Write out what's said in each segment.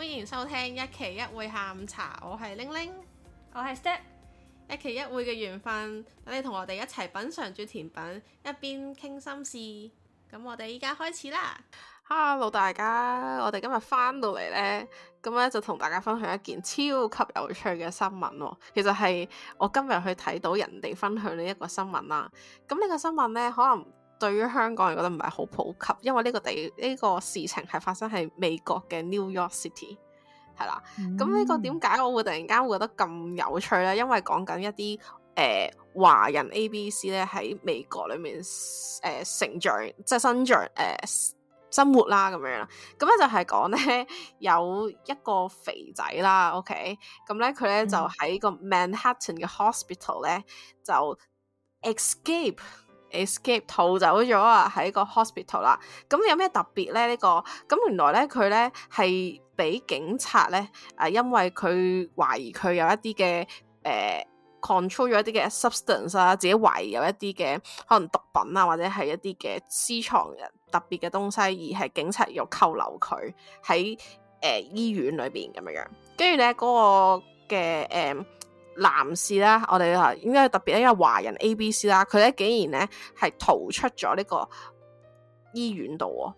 歡迎收聽一期一會下午茶，我係玲玲，我係 Step，一期一會嘅緣分，等你同我哋一齊品嘗住甜品，一邊傾心事。咁我哋依家開始啦。Hello 大家，我哋今日翻到嚟呢。咁咧就同大家分享一件超級有趣嘅新聞。其實係我今日去睇到人哋分享呢一個新聞啦。咁呢個新聞呢，可能。對於香港，人覺得唔係好普及，因為呢個地呢、這個事情係發生喺美國嘅 New York City，係啦。咁呢、嗯、個點解我會突然間會覺得咁有趣咧？因為講緊一啲誒、呃、華人 ABC 咧喺美國裡面誒、呃、成長，即係生長誒、呃、生活啦咁樣啦。咁咧就係講咧有一個肥仔啦，OK。咁咧佢咧就喺個 Manhattan 嘅 hospital 咧就 escape。escape 逃走咗啊！喺個 hospital 啦，咁有咩特別咧？呢個咁原來咧佢咧係俾警察咧啊，因為佢懷疑佢有一啲嘅誒 control 咗一啲嘅 substance 啊，自己懷疑有一啲嘅可能毒品啊，或者係一啲嘅私藏特別嘅東西，而係警察要扣留佢喺誒醫院裏邊咁樣樣，跟住咧嗰個嘅誒。呃男士啦，我哋應該特別，因為華人 ABC 啦，佢咧竟然咧係逃出咗呢個醫院度喎，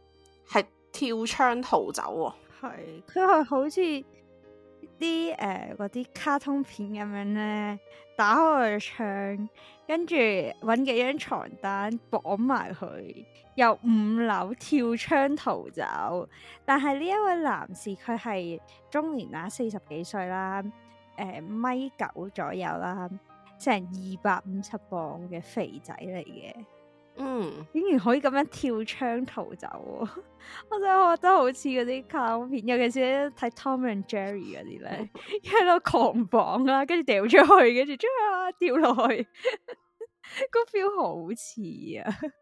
係跳窗逃走喎。佢係好似啲誒啲卡通片咁樣咧，打開佢嘅窗，跟住搵幾張床單綁埋佢，由五樓跳窗逃走。但係呢一位男士，佢係中年啊，四十幾歲啦。誒，米九、欸、左右啦，成二百五七磅嘅肥仔嚟嘅，嗯，竟然可以咁樣跳窗逃走，哦， 我就覺得好似嗰啲卡通片，尤其是睇 Tom and Jerry 嗰啲咧，喺度狂綁啦，跟住掉出去，跟住嚓掉落去，個 feel 好似啊！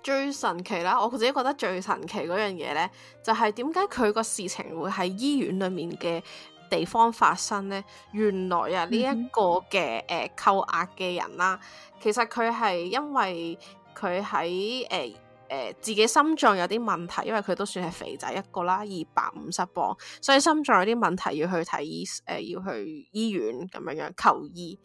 最神奇啦，我自己覺得最神奇嗰樣嘢咧，就係點解佢個事情會喺醫院裏面嘅。地方發生咧，原來啊，呢一、嗯、個嘅誒、呃、扣押嘅人啦、啊，其實佢係因為佢喺誒誒自己心臟有啲問題，因為佢都算係肥仔一個啦，二百五十磅，所以心臟有啲問題要去睇醫誒、呃，要去醫院咁樣樣求醫，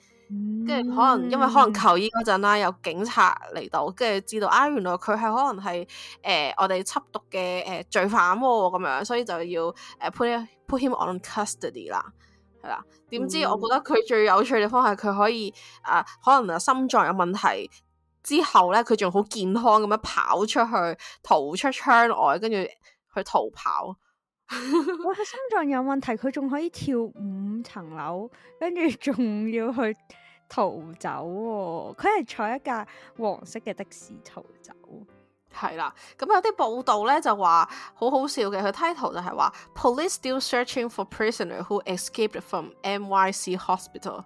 跟住、嗯、可能因為可能求醫嗰陣啦，有警察嚟到，跟住知道啊，原來佢係可能係誒、呃、我哋吸毒嘅誒、呃、罪犯喎、啊，咁樣，所以就要誒判。呃呃 on custody 啦，係啦。點知我覺得佢最有趣嘅地方係佢可以啊、呃，可能心臟有問題之後咧，佢仲好健康咁樣跑出去，逃出窗外，跟住去逃跑。 哇！心臟有問題，佢仲可以跳五層樓，跟住仲要去逃走、哦。佢係坐一架黃色嘅的，的士逃走。係啦，咁、嗯、有啲報道咧就話好好笑嘅，佢 title 就係話 Police still searching for prisoner who escaped from NYC hospital。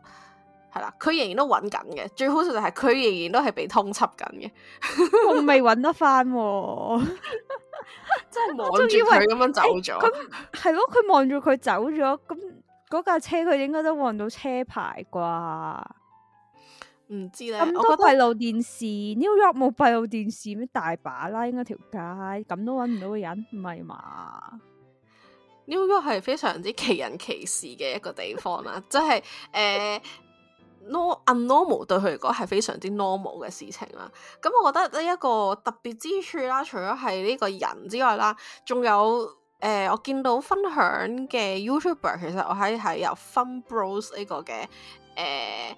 係啦，佢仍然都揾緊嘅，最好笑就係佢仍然都係被通緝緊嘅， 我未揾得翻、啊。真係望住佢咁樣走咗，係咯？ 佢望住佢走咗，咁嗰架車佢應該都望到車牌啩。唔知咧，咁多閉路電視，New York 冇閉路電視咩？大把啦，應該條街咁都揾唔到個人，唔係嘛？New York 係非常之奇人奇事嘅一個地方啦、啊，即係誒，abnormal 對佢嚟講係非常之 normal 嘅事情啦、啊。咁我覺得呢一個特別之處啦，除咗係呢個人之外啦，仲有誒、呃，我見到分享嘅 YouTuber，其實我喺喺有 Fun Browse 呢個嘅誒。呃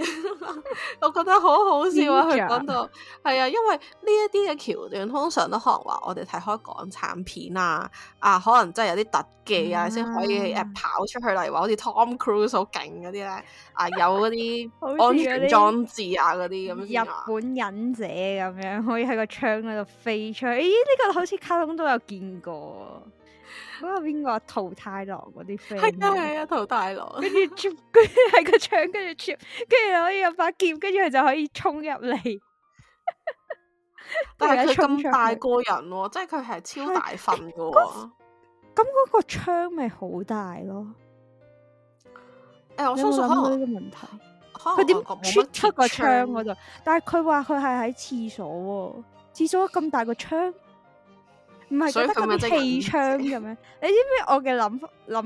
我覺得好好笑啊！佢講到係啊，因為呢一啲嘅橋段通常都可能話我哋睇開港產片啊，啊，可能真係有啲特技啊，先 Yeah. 可以誒跑出去，例如話好似 Tom Cruise 好勁嗰啲咧，啊，有嗰啲安全裝置啊，嗰啲咁樣。日本忍者咁樣可以喺個窗嗰度飛出去。咦、哎？呢、這個好似卡通都有見過。嗰個邊個啊？桃太郎嗰啲 friend 係啊係啊，桃太郎，跟住接，跟住係個窗，跟住跟住可以有把劍，跟住佢就可以衝入嚟。 但係佢咁大個人、哦，即係佢係超大份噶。咁嗰、欸、個窗咪好大咯？誒、欸，我相信可能呢個問題，佢點出出個窗嗰度？但係佢話佢係喺廁所、哦，廁所咁大個窗。唔係以覺得個氣槍咁樣， 你知唔知我嘅諗法，諗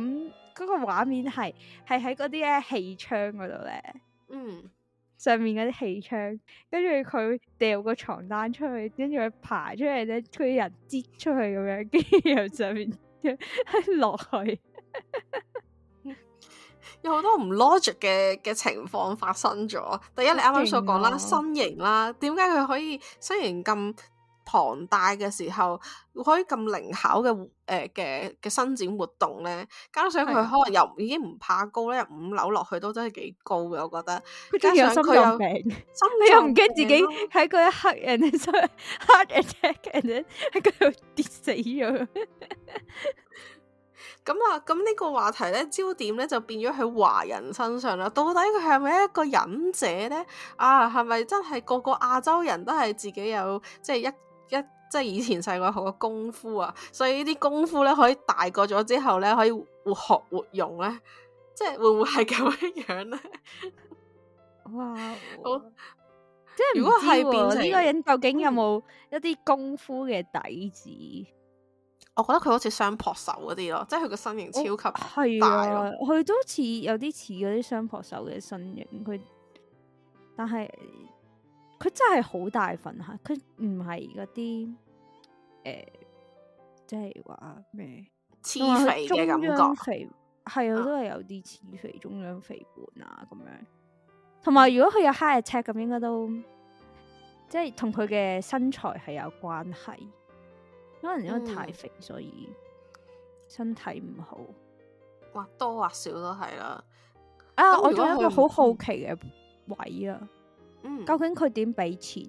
嗰個畫面係係喺嗰啲咧氣槍嗰度咧，嗯，上面嗰啲氣槍，跟住佢掉個床單出去，跟住佢爬出去呢，咧，佢人跌出去咁樣，跟住由上面落 下去， 有好多唔 logic 嘅嘅情況發生咗。第一，哦、你啱啱所講啦，身形啦，點解佢可以身形咁？龐大嘅時候，可以咁靈巧嘅誒嘅嘅伸展活動咧，加上佢可能又已經唔怕高咧，五樓落去都真係幾高嘅，我覺得。加上佢有心你又唔驚自己喺嗰一刻，人哋 heart attack 喺嗰度跌死咗。咁 啊、嗯，咁、嗯、呢、嗯這個話題咧焦點咧就變咗喺華人身上啦。到底佢係咪一個忍者咧？啊，係咪真係個個亞洲人都係自己有即係一？即係以前細個學嘅功夫啊，所以呢啲功夫咧可以大個咗之後咧可以活學活用咧，即係會唔會係咁樣咧？哇！我好即係、啊、如果係變咗呢個人究竟有冇一啲功夫嘅底子、嗯？我覺得佢好似雙膊手嗰啲咯，即係佢個身形超級大咯，佢都似有啲似嗰啲雙膊手嘅身形，佢但係佢真係好大份吓，佢唔係嗰啲。誒，即係話咩？似、就、肥、是、中央感覺中央肥，肥係啊，都係有啲似肥，中央肥胖啊，咁樣。同埋，如果佢有 high check，咁應該都即係同佢嘅身材係有關係，可能因為太肥，嗯、所以身體唔好，或多或少都係啦。啊，但 我仲有一個好好奇嘅位啊，嗯、究竟佢點俾錢？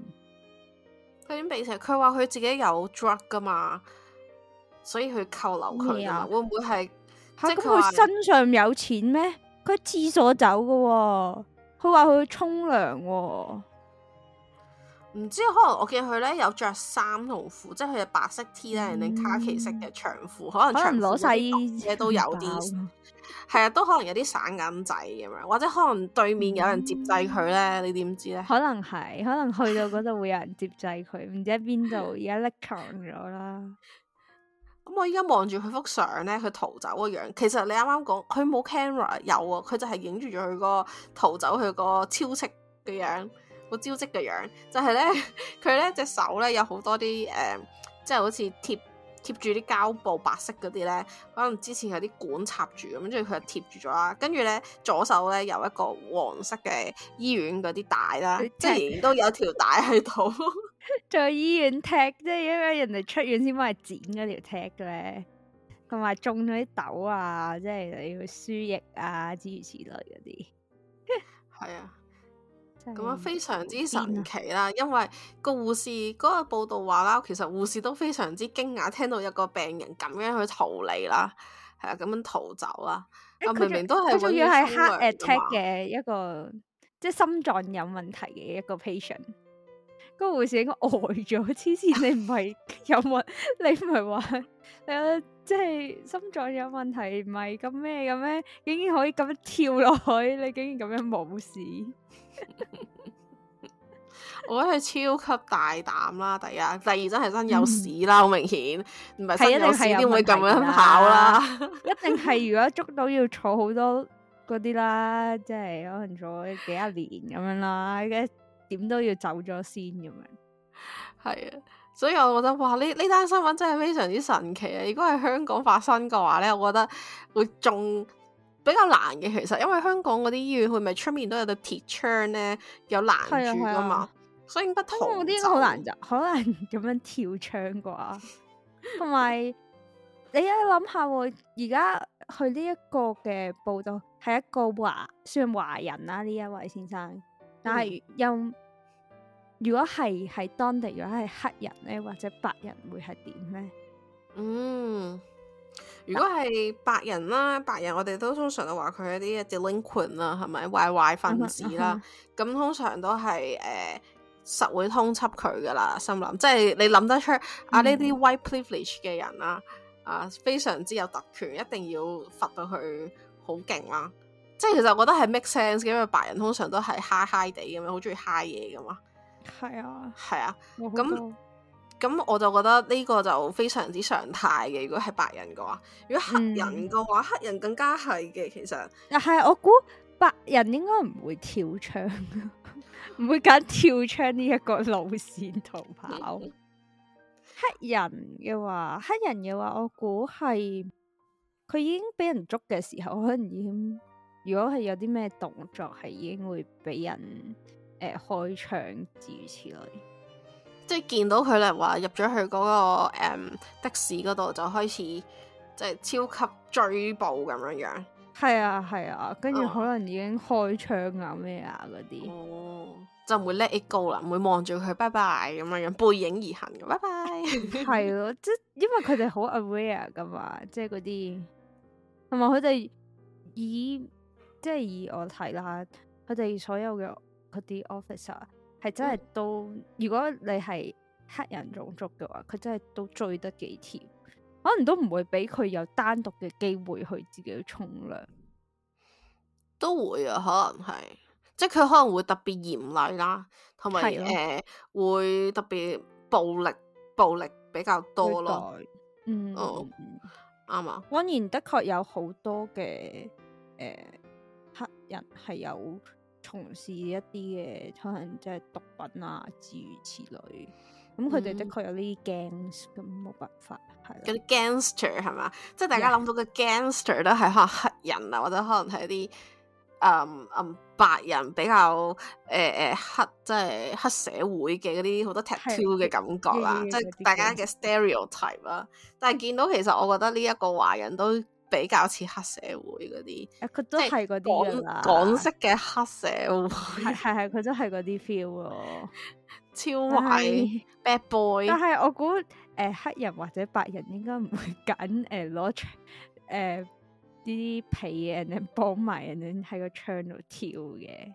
佢啲鼻成，佢話佢自己有 drug 噶嘛，所以佢扣留佢麼啊，會唔會係吓？咁佢、啊、身上有錢咩？佢廁所走噶、哦，佢話佢去沖涼喎。唔知可能我見佢咧有着衫同褲，即係佢白色 T 咧，嗯，定卡其色嘅長褲，可能可能攞細嘢都有啲，係啊包，都可能有啲散銀仔咁樣，或者可能對面有人接濟佢咧，嗯，你點知咧？可能係，可能去到嗰度會有人接濟佢，唔 知喺邊度，而家匿藏咗啦。咁，嗯，我依家望住佢幅相咧，佢逃走個樣，其實你啱啱講佢冇 camera 有啊，佢就係影住咗佢個逃走佢個超速嘅樣。招積嘅樣就係、是、咧，佢咧隻手咧有好多啲誒、嗯，即係好似貼貼住啲膠布白色嗰啲咧，可能之前有啲管插住咁，跟住佢貼住咗啦。跟住咧左手咧有一個黃色嘅醫院嗰啲帶啦，之前都有條帶喺度，在醫院踢即係因為人哋出院先幫佢剪嗰條踢嘅咧，同埋中咗啲豆啊，即係你要輸液啊，諸如此類嗰啲，係 啊。咁啊，嗯、非常之神奇啦，啊、因為個護士嗰個報道話啦，其實護士都非常之驚訝，聽到有個病人咁樣去逃離啦，係啊，咁樣逃走啦。佢、欸、明明都係佢仲要係 heart attack 嘅一個，即係心臟有問題嘅一個 patient。 個護士應該呆咗，黐線，你唔係有問題？你唔係話誒，即係心臟有問題，唔係咁咩嘅咩？竟然可以咁樣跳落去，你竟然咁樣冇事？ 我覺得係超級大膽啦，第一、第二真係真有屎啦，好、嗯、明顯，唔係真有屎點會咁樣跑啦？啊、一定係如果捉到要坐好多嗰啲啦， 即係可能坐幾啊年咁樣啦，跟點都要走咗先咁樣。係啊， 所以我覺得哇，呢呢單新聞真係非常之神奇啊！如果係香港發生嘅話咧，我覺得會仲。比較難嘅其實，因為香港嗰啲醫院佢咪出面都有啲鐵窗咧，有攔住噶嘛。啊啊、所以唔得逃走。啲好難入，可能咁樣跳窗啩。同埋 你一諗下、啊，而家去呢一個嘅報道係一個華算華人啦，呢一位先生，但係、嗯、又如果係喺當地，如果係黑人咧或者白人會係點咧？嗯。如果係白人啦，白人我哋都通常都話佢一啲 delinquent 啦，係咪？壞壞分子啦，咁通常都係誒實會通緝佢噶啦。心諗即係你諗得出啊呢啲 white privilege 嘅人啦，啊非常之有特權，一定要罰到佢好勁啦。即係其實我覺得係 make sense 嘅，因為白人通常都係 high high 地咁樣，好中意 high 嘢噶嘛。係啊，係啊，咁。咁我就覺得呢個就非常之常態嘅。如果係白人嘅話，如果黑人嘅話，嗯、黑人更加係嘅。其實，但係我估白人應該唔會跳窗，唔 會揀跳窗呢一個路線逃跑。 黑人嘅話，黑人嘅話，我估係佢已經俾人捉嘅時候，可能已經如果係有啲咩動作，係已經會俾人誒、呃、開槍，諸如此類。即係見到佢咧，話入咗去嗰、那個誒、um, 的士嗰度，就開始即係、就是、超級追捕咁樣樣。係啊係啊，跟住、啊、可能已經開槍啊咩啊嗰啲。哦，就唔會 let it go 啦，唔會望住佢，拜拜咁樣樣，背影而行，拜拜。係咯、 啊，即因為佢哋好 aware 噶嘛，即係嗰啲，同埋佢哋以即係、就是、以我睇啦，佢哋所有嘅嗰啲 officer。係真係都，如果你係黑人種族嘅話，佢真係都追得幾甜，可能都唔會俾佢有單獨嘅機會去自己去沖涼，都會啊，可能係，即係佢可能會特別嚴厲啦，同埋誒會特別暴力，暴力比較多咯，嗯，啱啊，當然的確有好多嘅誒、呃、黑人係有，從事一啲嘅可能即係毒品啊，諸如此類。咁佢哋的確有呢啲 gangs，咁冇辦法係。啲 gangster 係嘛？Ster, 即係大家諗到嘅 gangster 都係可能黑人啊，或者可能係啲誒誒白人比較誒誒、呃、黑，即係黑社會嘅嗰啲好多 tattoo 嘅感覺啦、啊。即係大家嘅 stereotype 啦、啊。 但係見到其實我覺得呢一個華人都。比較似黑社會嗰啲，佢都係嗰啲噶啦，港式嘅黑社會，係係係，佢都係嗰啲 feel 咯，fe 超壞乖 bad boy。但係我估誒、呃、黑人或者白人應該唔會揀誒攞出誒啲被嘅，然、呃、後、呃、幫埋，幫人後喺個窗度跳嘅。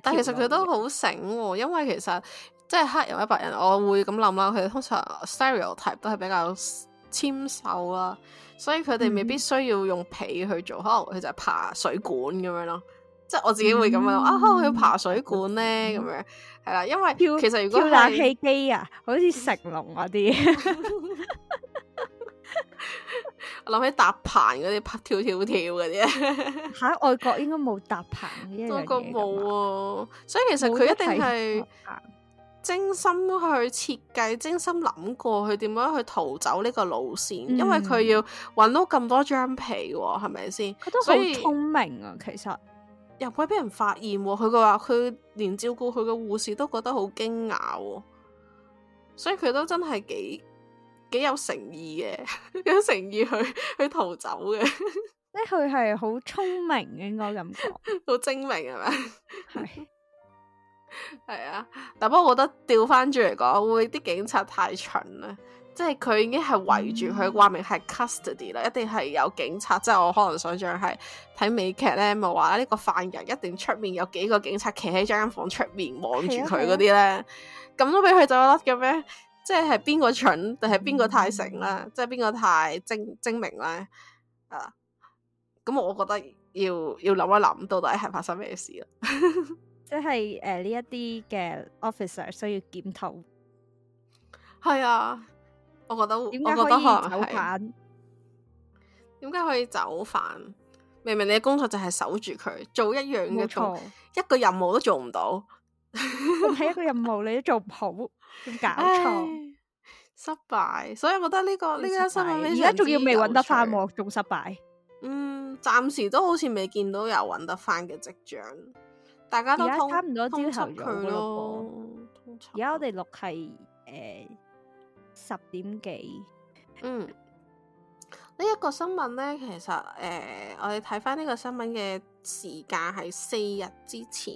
但係其實佢都好醒喎，因為其實即係黑人或者白人，我會咁諗啦，佢通常 stereotype 都係比較。簽售啦，所以佢哋未必需要用被去做，可能佢就係爬水管咁樣咯。即係我自己會咁樣、嗯、啊，去爬水管咧咁、嗯、樣係啦。因為其實如果冷氣機啊，好似成龍嗰啲， 我諗起搭棚嗰啲，撲跳跳跳嗰啲，喺、 啊、外國應該冇搭棚嘅，外國冇啊。所以其實佢一定係。精心去設計，精心諗過佢點樣去逃走呢個路線，嗯、因為佢要搵到咁多張被、哦，係咪先？佢都好聰明啊、哦，以其實又唔會俾人發現、哦，佢嘅話，佢連照顧佢嘅護士都覺得好驚訝，所以佢都真係幾幾有誠意嘅， 有誠意去去逃走嘅。即係佢係好聰明，應該咁講，好 精明係咪？係。 係啊，但不過我覺得調翻轉嚟講，會啲警察太蠢啦，即係佢已經係圍住佢，話、嗯、明係 custody 啦，一定係有警察。嗯、即係我可能想象係睇美劇咧，咪話呢個犯人一定出面有幾個警察企喺張間房出面望住佢嗰啲咧，咁、嗯嗯、都俾佢走甩嘅咩？即係邊個蠢，定係邊個太醒咧？嗯、即係邊個太精精明咧？啊，咁我覺得要要諗一諗，到底係發生咩事啊？ 即係誒，呢一啲嘅、呃、officer 需要檢討。係啊，我覺得點解可以走犯？點解可以走犯？明明你嘅工作就係守住佢，做一樣嘅錯，錯一個任務都做唔到，係一個任務 你都做唔好，搞錯、 哎、失敗。所以我覺得呢、這個呢個新嘢，而家仲要未搵得返，仲失敗。失敗，嗯，暫時都好似未見到有搵得返嘅跡象。大家都差唔多朝頭用咯，而家我哋錄係誒十點幾，嗯、呢、這、一個新聞咧，其實誒、呃、我哋睇翻呢個新聞嘅時間係四日之前，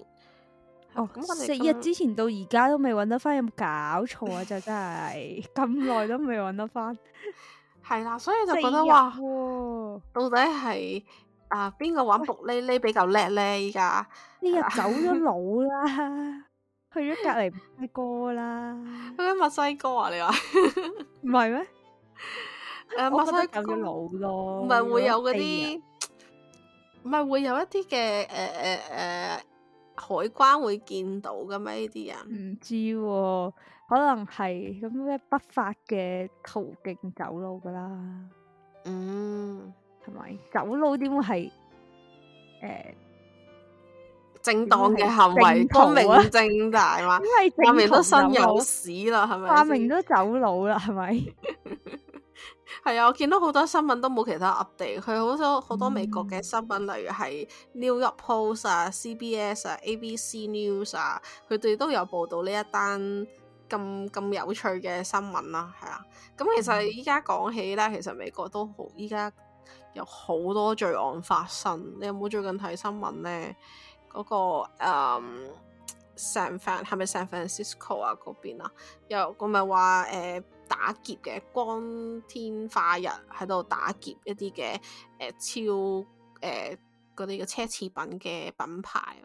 哦咁，嗯、我四日之前到而家都未搵得翻，有冇搞錯啊？就真係咁耐都未搵得翻，係啦， 所以就覺得哇，啊、到底係。啊，邊個玩木喱喱比較叻咧？依家呢日走咗佬啦， 去咗隔離墨西哥啦。去咗 墨西哥啊？你話唔係咩？我覺得走佬路咯，唔係會有嗰啲，唔係、啊、會有一啲嘅誒誒誒海關會見到噶咩？呢啲人唔知、啊，可能係咁咩不法嘅途徑走佬噶啦。嗯。係咪走佬？點會係啲正當嘅行為，光明正大嘛？化名都身有屎啦，係咪？化名都走佬啦，係咪？係啊，我見到好多新聞都冇其他 update。佢好多好多美國嘅新聞，例如係 New York Post 啊、CBS 啊、ABC News 啊，佢哋都有報道呢一單咁咁有趣嘅新聞啦。係啊，咁其實依家講起咧，其實美國都好依家，有好多罪案發生，你有冇最近睇新聞咧？嗰個誒，San Fran 係咪 San Francisco 啊？嗰邊啊，有個咪話誒打劫嘅，光天化日喺度打劫一啲嘅誒超誒嗰啲嘅奢侈品嘅品牌啊，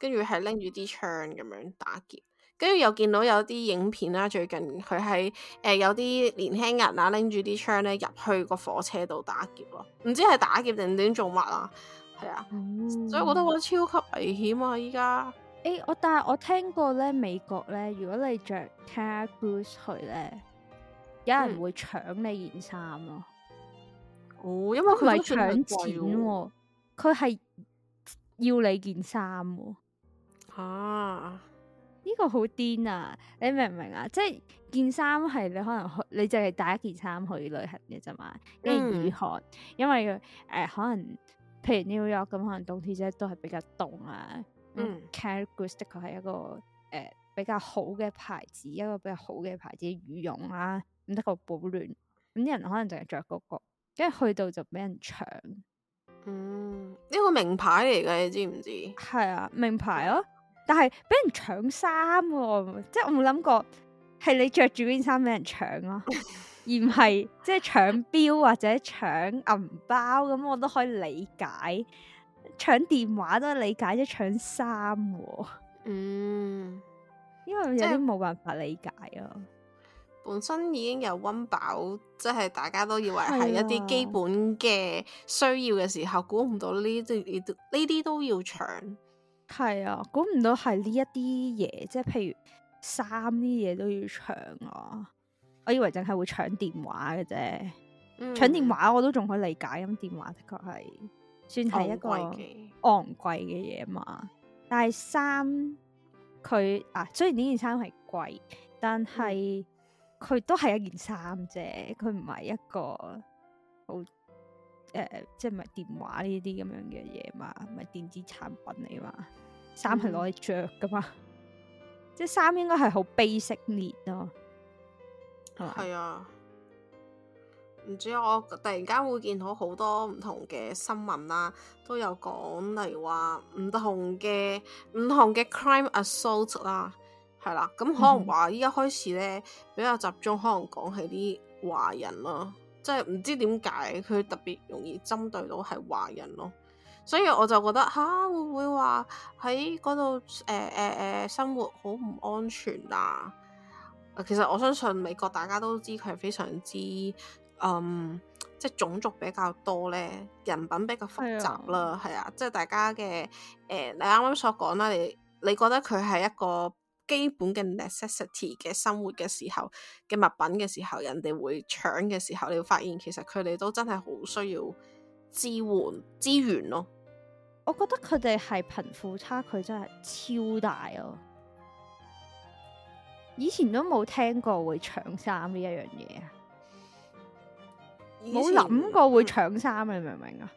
跟住係拎住啲槍咁樣打劫。跟住又見到有啲影片啦，最近佢喺誒有啲年輕人啊拎住啲槍咧入去個火車度打劫咯，唔知係打劫定點做乜啊？係啊，嗯、所以我覺得我超級危險啊！依家誒，我但係我聽過咧美國咧，如果你着 tag boots 去咧，有人會搶你件衫咯。哦，因為唔係、啊、搶錢、啊，佢係要你件衫、啊。吓、啊？呢個好癲啊！你明唔明啊？即係件衫係你可能去，你就係帶一件衫去旅行嘅啫嘛。跟住御寒，因為誒、呃、可能，譬如 New York 咁，可能冬天即係都係比較凍啊。嗯，嗯，Caracostik 係一個誒、呃、比較好嘅牌子，一個比較好嘅牌子羽絨啦、啊，咁得個保暖。咁啲人可能就係着嗰個，跟住去到就俾人搶。嗯、呢、這個名牌嚟嘅，你知唔知？係啊，名牌囉。但係俾人搶衫、啊，即係我冇諗過係你着住件衫俾人搶咯、啊， 而唔係即係搶錶或者搶銀包咁，我都可以理解搶電話都係理解，即係搶衫、啊。嗯，因為有啲冇辦法理解啊。嗯、本身已經有溫飽，即、就、係、是、大家都以為係一啲基本嘅需要嘅時候，估唔、啊、到呢啲呢呢啲都要搶。係啊，估唔到係呢一啲嘢，即係譬如衫啲嘢都要搶啊！我以為淨係會搶電話嘅啫，搶、嗯、電話我都仲可以理解，咁電話的確係算係一個昂貴嘅嘢嘛。但係衫佢啊，雖然呢件衫係貴，但係佢都係一件衫啫，佢唔係一個好誒、呃，即係唔係電話呢啲咁樣嘅嘢嘛，唔係電子產品嚟嘛。衫係攞嚟着噶嘛，嗯、即係衫應該係，嗯、好 basic 吧咯，係啊，唔知我突然間會見到好多唔同嘅新聞啦，都有講例如話唔同嘅唔同嘅 crime assault 啦，係啦，啊，咁可能話依家開始咧，嗯、比較集中，可能講係啲華人咯，即係唔知點解佢特別容易針對到係華人咯。所以我就覺得嚇、啊、會唔會話喺嗰度誒誒誒生活好唔安全啊？其實我相信美國大家都知佢係非常之嗯，即係種族比較多咧，人品比較複雜啦，係啊，啊，即係大家嘅誒、呃，你啱啱所講啦，你你覺得佢係一個基本嘅 necessity 嘅生活嘅時候嘅物品嘅時候，人哋會搶嘅時候，你會發現其實佢哋都真係好需要支援資源咯。我覺得佢哋係貧富差距真係超大咯。哦，以前都冇聽過會搶衫呢一樣嘢啊，冇諗過會搶衫，你明唔明啊？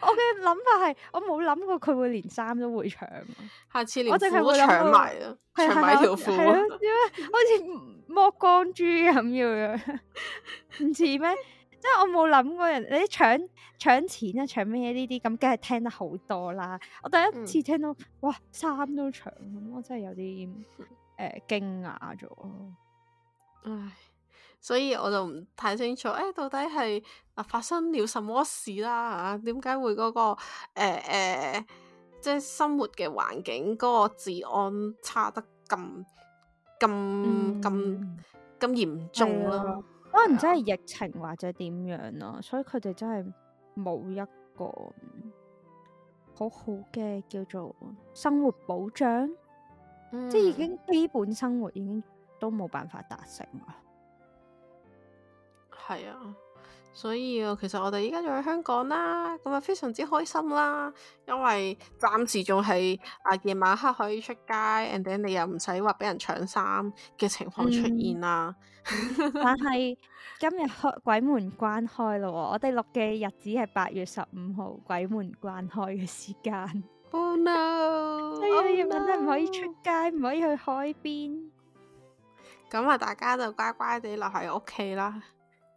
我嘅諗法係，我冇諗過佢會連衫都會搶，下次連褲都搶埋，埋條啊，搶埋條褲啊，點啊？好似剝光豬咁樣，唔似咩？即係我冇諗過人，你搶搶錢啊，搶咩呢啲咁，梗係聽得好多啦。我第一次聽到，嗯、哇，衫都搶，我真係有啲誒驚訝咗。呃、唉，所以我就唔太清楚，誒、欸，到底係啊發生了什麼事啦，啊？吓、那個，點解會嗰個誒誒，即係生活嘅環境嗰，那個治安差得咁咁咁咁嚴重啦？可能真係疫情或者點樣咯、啊，所以佢哋真係冇一個好好嘅，叫做生活保障，嗯、即係已經基本生活已經都冇辦法達成啦。係啊。所以其實我哋而家仲喺香港啦，咁啊非常之開心啦，因為暫時仲係啊夜晚黑可以出街 and then 你又唔使話俾人搶衫嘅情況出現啦。但係今日開鬼門關開啦，我哋錄嘅日子係八月十五號鬼門關開嘅時間。Oh no！所以夜晚黑唔可以出街，唔、嗯、 可，可以去海邊。咁啊、嗯，大家就乖乖地留喺屋企啦。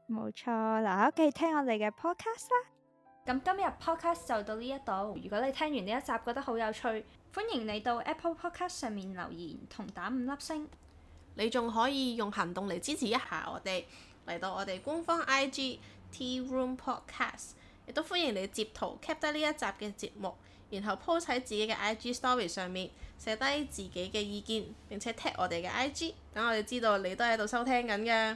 冇錯，嗱，喺屋企聽我哋嘅 podcast 啦。咁今日 podcast 就到呢一度。如果你聽完呢一集覺得好有趣，歡迎你到 Apple Podcast 上面留言同打五粒星。你仲可以用行動嚟支持一下我哋，嚟到我哋官方 IG Tea Room Podcast，亦都歡迎你截圖 keep 低呢一集嘅節目，然後 post 喺自己嘅 IG Story 上面寫低自己嘅意見，並且 tag 我哋嘅 IG，等我哋知道你都喺度收聽緊嘅。